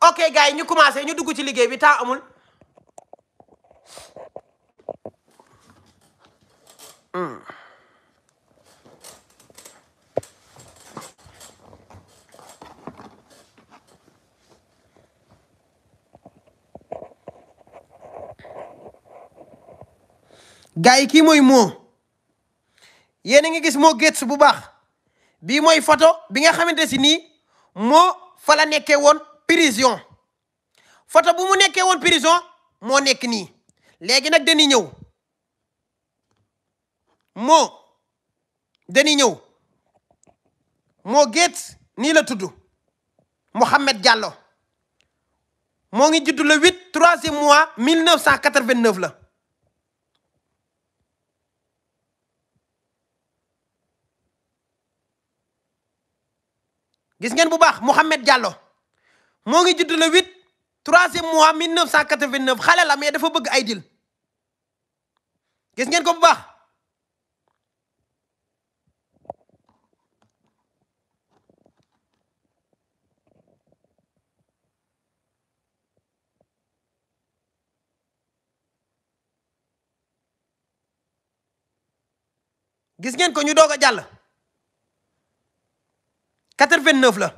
ok gars yi ñu commencé ñu dugg ci liggéey bi temps amul. Mm. gars yi kii mooy moo yéen a ngi gis moo gets bu baax bii mooy photo bi nga xamante si nii moo fala la nekkee woon prison photo bu mu nekkee woon prison moo nekk nii léegi nag dañuy ñëw moo dañuy ñëw moo Gates nii la tudd Mohamed Diallo moo ngi judd le huit troisième mois mille neuf cent quatre-vingt-neuf la gis ngeen bu baax Mohamed Diallo moo ngi judd le huit troisième mois 1989 xale la mais dafa bëgg ay dil gis ngeen ko bu baax gis ngeen ko ñu doog a jàll 89 la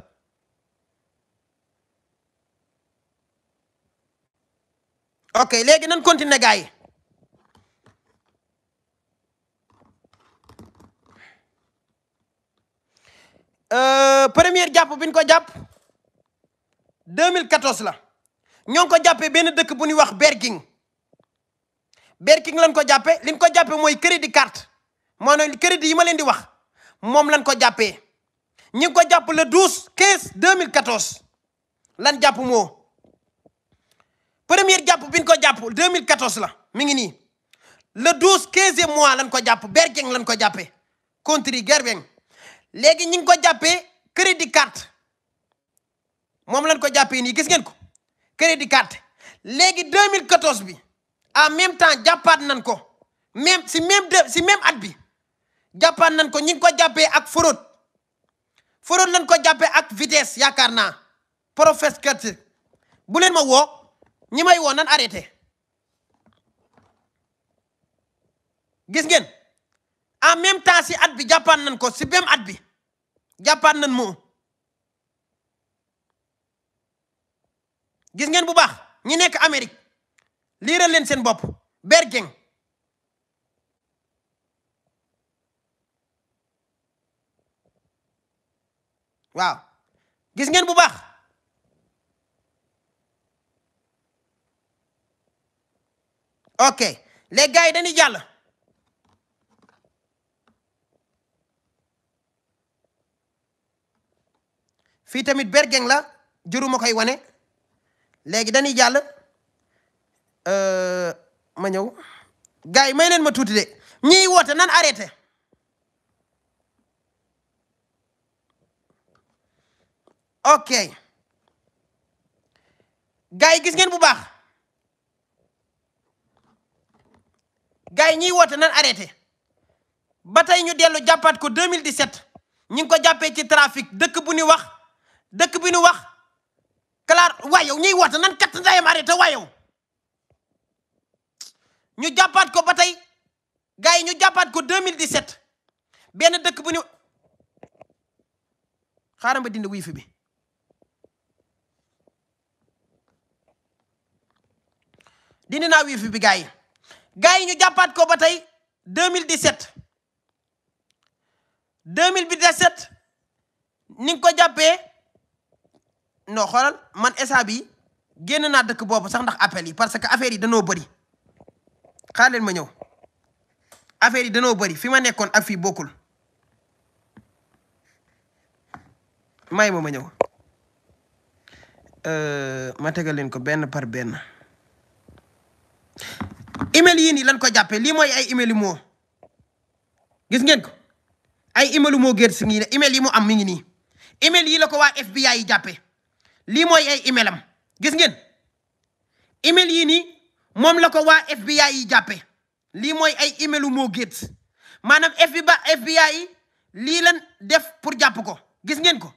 ok léegi nan continuer gars yi euh, première jàpp bi ko jàpp 2014 la ñoo ngi ko jàppee benn dëkk bu ñuy wax Berking Berking lañ ko jàppee liñ ko jàppee mooy crédit carte maanaam crédit yi ma leen di wax moom lañ ko jàppee ñi ngi ko jàpp le 12 15 lan jàpp moo. première jàpp bi ñu ko jàpp 2014 la mi ngi nii le dous quinze e mois lañ ko jàpp bergeng lañ ko jàppe contri gerbeng léegi ñi ngi ko jàppee crédit carte moom lañ ko jàppee nii gis ngeen ko crédit deux léegi 2014 bi en même temps jàppaat nañ ko même si même si même at bi jàppaat nañ ko ñi ngi ko jàppee ak fraude fraude lañ ko jàppee ak vitesse yaakaar naa professeur bu leen ma woo ñi may woon nan arrêté gis ngeen en même temps si at bi nañ ko si même at bi jàppaan nañ moo gis ngeen bu baax ñi nekk Amérique liiral leen seen bopp bergeng waaw gis ngeen bu baax ok les gars yi dañuy jàll. fii tamit bergeng la juruma koy wane léegi dañuy jàll euh, ma ñëw gars yi may leen ma tuuti de ñiy woote nan arrêté ok gars yi gis ngeen bu baax gars yi ñiy woote nan arrêté ba tey ñu dellu jàppaat ko 2017 ñi ngi ko jàppee ci trafic dëkk bu ñu wax dëkk bu ñu wax Kalaar waaye yow ñiy woote nan kat ndayam arrêté waaye ñu jàppaat ko ba tey gars yi ñu jàppaat ko 2017 benn dëkk bu ñu xaaral ma dindi wifi bi. dindi naa wifi bi gars yi. gars yi ñu jàppaat ko ba tey 2017 2017 ni nga ko jàppee non xoolal man esa bi génn naa dëkk boobu sax ndax appel yi parce que affaire yi danoo bëri xaar leen ma ñëw affaire danoo bëri fi ma nekkoon ak fii bokkul may ma ma ñëw euh, ma tegal leen ko benn par benn email yii nii lan ko jàppee lii mooy ay email yu ngeen ko ay email yu moo gerte si ngi email yi mu am mi ngi nii email yi la ko waa FBI yi jàppee lii mooy ay email am gis ngeen email yii nii moom la ko waa FBI yi jàppee lii mooy ay email yu moo gerte maanaam FBI yi lii lan def pour jàpp ko gis ngeen ko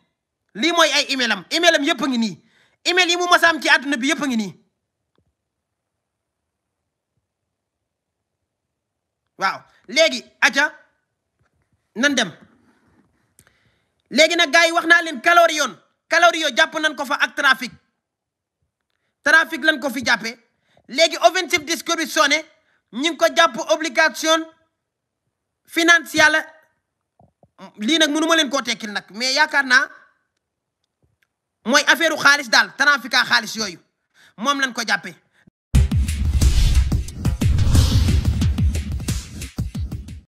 lii mooy ay email am email am ngi nii email yi mu masaam ci àdduna bi yëpp a ngi nii. waaw léegi aja nan dem léegi nag gars yi wax naa leen calorie yoon jàpp nañ ko fa ak trafic trafic lañ ko fi jàppee léegi offensive discorruption ñi ngi ko jàpp obligation financière lii nag mënu leen ko tekkil nag mais yaakaar naa mooy affaire xaalis daal trafica xaalis yooyu moom lañ ko jàppee